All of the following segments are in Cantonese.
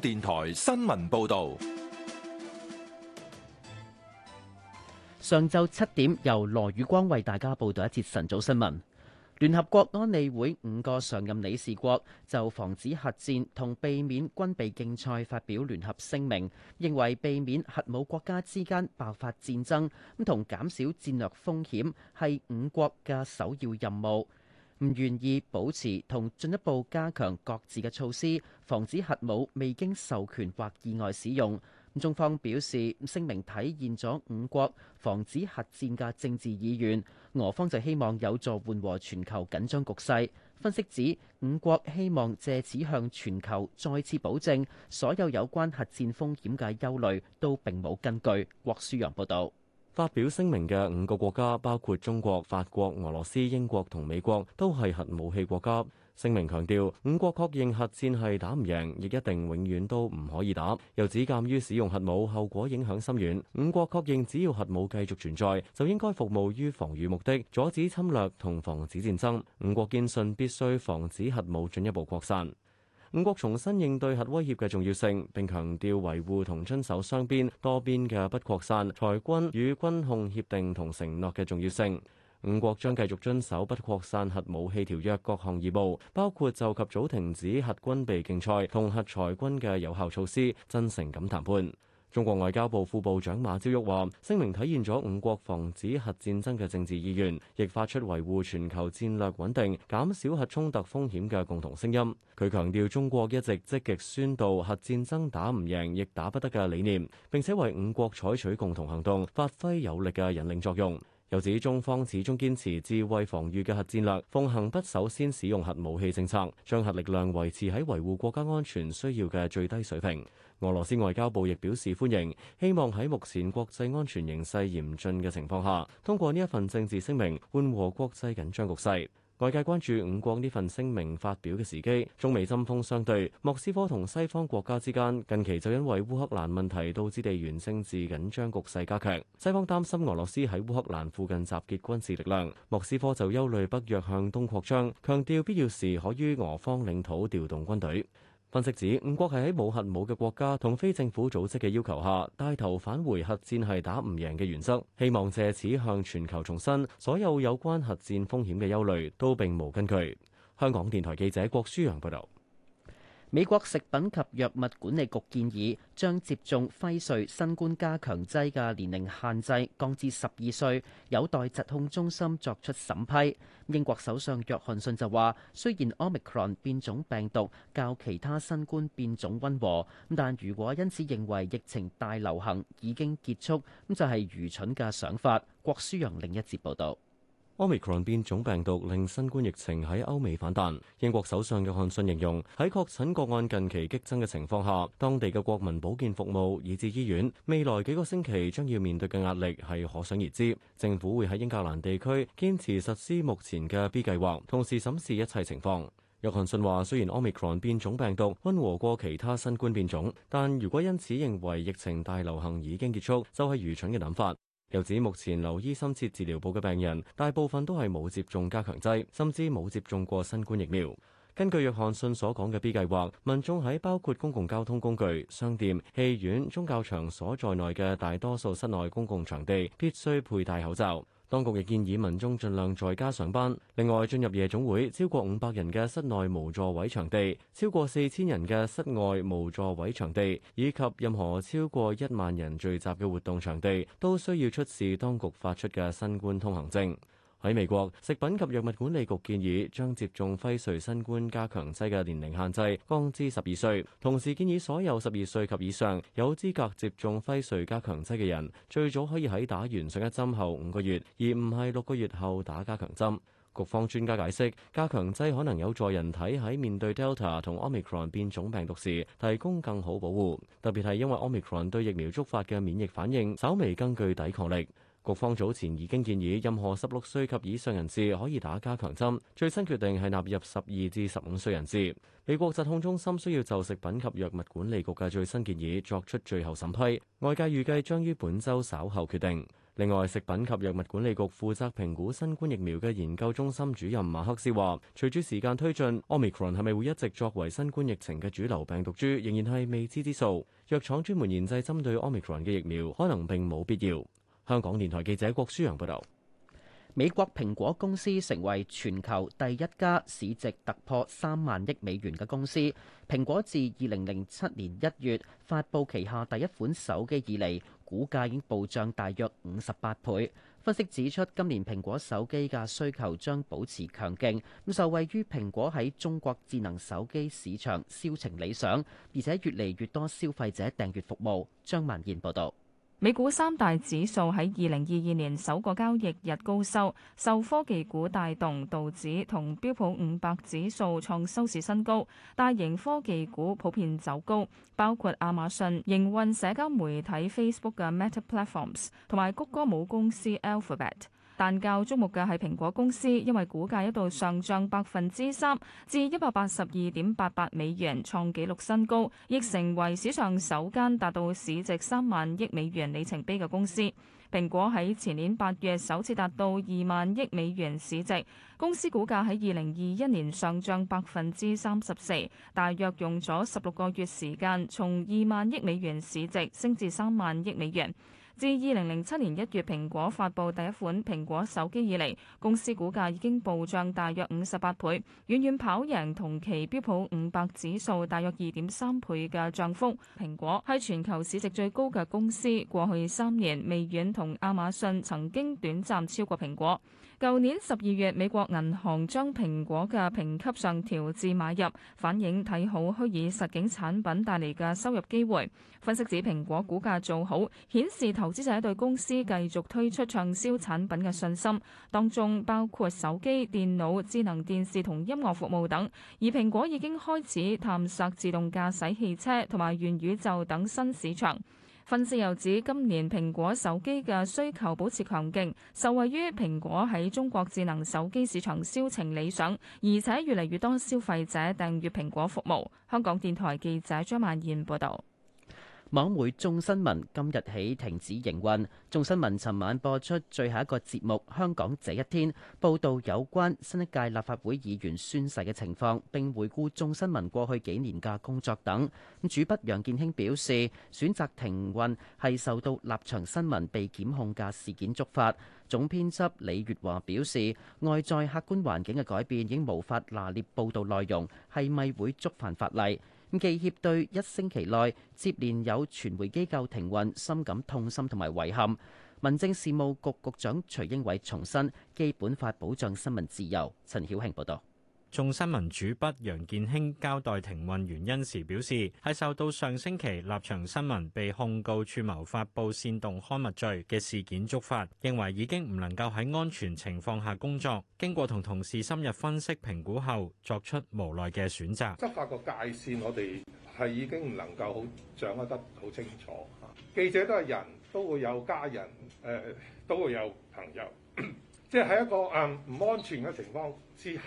電台新聞報道：上晝七點，由羅宇光為大家報道一節晨早新聞。聯合國安理會五個常任理事國就防止核戰同避免軍備競賽發表聯合聲明，認為避免核武國家之間爆發戰爭，咁同減少戰略風險係五國嘅首要任務。唔願意保持同進一步加強各自嘅措施，防止核武未經授權或意外使用。中方表示聲明體現咗五國防止核戰嘅政治意願。俄方就希望有助緩和全球緊張局勢。分析指五國希望藉此向全球再次保證，所有有關核戰風險嘅憂慮都並冇根據。郭舒揚報導。發表聲明嘅五個國家包括中國、法國、俄羅斯、英國同美國，都係核武器國家。聲明強調，五國確認核戰係打唔贏，亦一定永遠都唔可以打。又指鑑於使用核武後果影響深遠，五國確認只要核武繼續存在，就應該服務於防禦目的，阻止侵略同防止戰爭。五國堅信必須防止核武進一步擴散。五國重新應對核威脅嘅重要性，並強調維護同遵守雙邊、多邊嘅不擴散裁軍與軍控協定同承諾嘅重要性。五國將繼續遵守不擴散核武器條約各項義務，包括就及早停止核軍備競賽同核裁軍嘅有效措施，真誠咁談判。中國外交部副部長馬朝旭話：聲明體現咗五國防止核戰爭嘅政治意願，亦發出維護全球戰略穩定、減少核衝突風險嘅共同聲音。佢強調，中國一直積極宣導核戰爭打唔贏、亦打不得嘅理念，並且為五國採取共同行動發揮有力嘅引領作用。又指中方始終堅持智慧防禦嘅核戰略，奉行不首先使用核武器政策，將核力量維持喺維護國家安全需要嘅最低水平。俄羅斯外交部亦表示歡迎，希望喺目前國際安全形勢嚴峻嘅情況下，通過呢一份政治聲明，緩和國際緊張局勢。外界關注五國呢份聲明發表嘅時機，中美針鋒相對，莫斯科同西方國家之間近期就因為烏克蘭問題導致地緣政治緊張局勢加強。西方擔心俄羅斯喺烏克蘭附近集結軍事力量，莫斯科就憂慮北約向東擴張，強調必要時可於俄方領土調動軍隊。分析指，五國係喺無核武嘅國家同非政府組織嘅要求下，帶頭返回核戰係打唔贏嘅原則，希望借此向全球重申，所有有關核戰風險嘅憂慮都並無根據。香港電台記者郭舒揚報道。美國食品及藥物管理局建議將接種輝瑞新冠加強劑嘅年齡限制降至十二歲，有待疾控中心作出審批。英國首相約翰遜就話：雖然 Omicron 變種病毒較其他新冠變種温和，但如果因此認為疫情大流行已經結束，咁就係、是、愚蠢嘅想法。郭書陽另一節報導。Omicron 變種病毒令新冠疫情喺歐美反彈。英國首相約翰遜形容，喺確診個案近期激增嘅情況下，當地嘅國民保健服務以至醫院，未來幾個星期將要面對嘅壓力係可想而知。政府會喺英格蘭地區堅持實施目前嘅 B 計劃，同時審視一切情況。約翰遜話：雖然 Omicron 變種病毒温和過其他新冠變種，但如果因此認為疫情大流行已經結束，就係、是、愚蠢嘅諗法。又指目前留醫深切治療部嘅病人，大部分都係冇接種加強劑，甚至冇接種過新冠疫苗。根據約翰遜所講嘅 B 計劃，民眾喺包括公共交通工具、商店、戲院、宗教場所在內嘅大多數室內公共場地，必須佩戴口罩。當局亦建議民眾盡量在家上班。另外，進入夜總會、超過五百人嘅室內無座位場地、超過四千人嘅室外無座位場地，以及任何超過一萬人聚集嘅活動場地，都需要出示當局發出嘅新冠通行證。喺美國，食品及藥物管理局建議將接種輝瑞新冠加強劑嘅年齡限制降至十二歲，同時建議所有十二歲及以上有資格接種輝瑞加強劑嘅人，最早可以喺打完上一針後五個月，而唔係六個月後打加強針。局方專家解釋，加強劑可能有助人體喺面對 Delta 同 Omicron 變種病毒時提供更好保護，特別係因為 Omicron 對疫苗觸發嘅免疫反應稍微更具抵抗力。局方早前已經建議任何十六歲及以上人士可以打加強針，最新決定係納入十二至十五歲人士。美國疾控中心需要就食品及藥物管理局嘅最新建議作出最後審批，外界預計將於本周稍後決定。另外，食品及藥物管理局負責評估新冠疫苗嘅研究中心主任馬克思話，隨住時間推進，Omicron 係咪會一直作為新冠疫情嘅主流病毒株，仍然係未知之數，藥廠專門研製針對 Omicron 嘅疫苗，可能並冇必要。香港電台記者郭書陽報道，美國蘋果公司成為全球第一家市值突破三萬億美元嘅公司。蘋果自二零零七年一月發布旗下第一款手機以嚟，股價已經暴漲大約五十八倍。分析指出，今年蘋果手機嘅需求將保持強勁。咁受惠於蘋果喺中國智能手機市場銷情理想，而且越嚟越多消費者訂閱服務。張曼燕報道。美股三大指數喺二零二二年首個交易日高收，受科技股帶動，道指同標普五百指數創收市新高。大型科技股普遍走高，包括亞馬遜、營運社交媒體 Facebook 嘅 Meta Platforms，同埋谷歌母公司 Alphabet。但較矚目嘅係蘋果公司，因為股價一度上漲百分之三至一百八十二點八八美元，創紀錄新高，亦成為史上首間達到市值三萬億美元里程碑嘅公司。蘋果喺前年八月首次達到二萬億美元市值，公司股價喺二零二一年上漲百分之三十四，大約用咗十六個月時間，從二萬億美元市值升至三萬億美元。自二零零七年一月蘋果發佈第一款蘋果手機以嚟，公司股價已經暴漲大約五十八倍，遠遠跑贏同期標普五百指數大約二點三倍嘅漲幅。蘋果係全球市值最高嘅公司，過去三年微軟同亞馬遜曾經短暫超過蘋果。舊年十二月，美國銀行將蘋果嘅評級上調至買入，反映睇好虛擬實景產品帶嚟嘅收入機會。分析指蘋果股價做好，顯示投。投資者對公司繼續推出暢銷產品嘅信心，當中包括手機、電腦、智能電視同音樂服務等，而蘋果已經開始探索自動駕駛汽車同埋元宇宙等新市場。分析又指今年蘋果手機嘅需求保持強勁，受惠於蘋果喺中國智能手機市場銷情理想，而且越嚟越多消費者訂閱蘋果服務。香港電台記者張曼燕報道。網媒眾新聞今日起停止營運。眾新聞尋晚播出最後一個節目《香港這一天》，報道有關新一屆立法會議員宣誓嘅情況，並回顧眾新聞過去幾年嘅工作等。咁主筆楊健興表示，選擇停運係受到立場新聞被檢控嘅事件觸發。總編輯李月華表示，外在客觀環境嘅改變已經無法拿捏報道內容，係咪會觸犯法例？記協對一星期內接連有傳媒機構停運，深感痛心同埋遺憾。民政事務局局長徐英偉重申《基本法》保障新聞自由。陳曉慶報道。眾新聞主筆楊健興交代停運原因時表示，係受到上星期立場新聞被控告串謀發佈煽動刊物罪嘅事件觸發，認為已經唔能夠喺安全情況下工作。經過同同事深入分析評估後，作出無奈嘅選擇。執法個界線，我哋係已經唔能夠好掌握得好清楚。記者都係人，都會有家人，誒都會有朋友，即係喺一個誒唔安全嘅情況之下。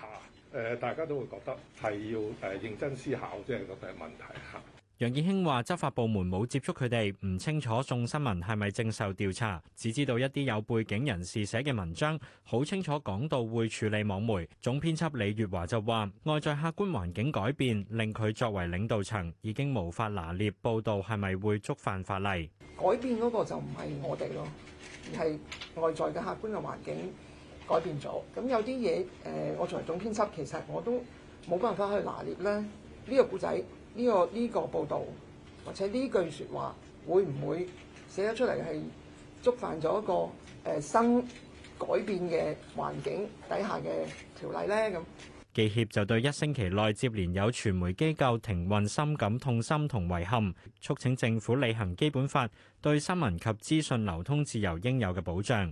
誒，大家都會覺得係要誒認真思考，即係覺得係問題嚇。楊健興話：執法部門冇接觸佢哋，唔清楚眾新聞係咪正受調查，只知道一啲有背景人士寫嘅文章，好清楚講到會處理網媒。總編輯李月華就話：外在客觀環境改變，令佢作為領導層已經無法拿捏報導係咪會觸犯法例。改變嗰個就唔係我哋咯，而係外在嘅客觀嘅環境。改變咗，咁有啲嘢誒，我作為總編輯，其實我都冇辦法去拿捏咧呢個故仔、呢個、呢個報導，或者呢句説話會唔會寫得出嚟係觸犯咗一個誒新改變嘅環境底下嘅條例呢？咁記協就對一星期內接連有傳媒機構停運深感痛心同遺憾，促請政府履行基本法對新聞及資訊流通自由應有嘅保障。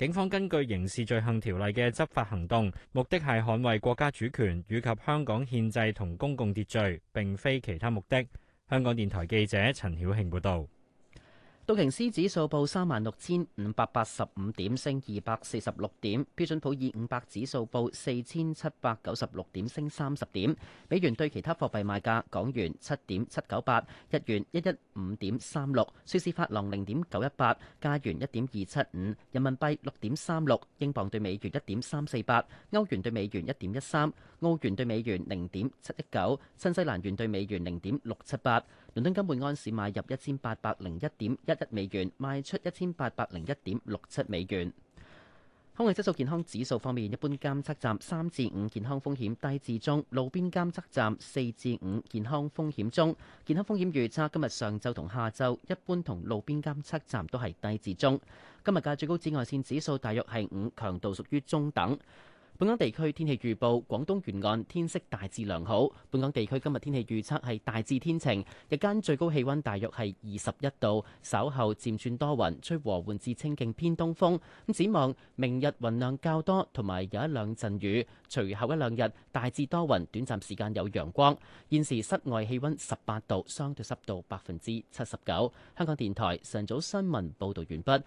警方根據刑事罪行條例嘅執法行動，目的係捍衛國家主權以及香港憲制同公共秩序，並非其他目的。香港電台記者陳曉慶報導。道瓊斯指數報三萬六千五百八十五點，升二百四十六點。標準普爾五百指數報四千七百九十六點，升三十點。美元對其他貨幣賣價：港元七點七九八，日元一一五點三六，瑞士法郎零點九一八，加元一點二七五，人民幣六點三六，英鎊對美元一點三四八，歐元對美元一點一三。澳元兌美元零點七一九，新西蘭元兌美元零點六七八。倫敦金本安市買入一千八百零一點一一美元，賣出一千八百零一點六七美元。空氣質素健康指數方面，一般監測站三至五，健康風險低至中，路邊監測站四至五，健康風險中。健康風險預測，今日上晝同下晝，一般同路邊監測站都係低至中。今日嘅最高紫外線指數大約係五，強度屬於中等。本港地區天氣預報，廣東沿岸天色大致良好。本港地區今日天氣預測係大致天晴，日間最高氣温大約係二十一度，稍後漸轉多雲，吹和緩至清勁偏東風。咁展望明日雲量較多，同埋有一兩陣雨，隨後一兩日大致多雲，短暫時間有陽光。現時室外氣温十八度，相對濕度百分之七十九。香港電台晨早新聞報導完畢。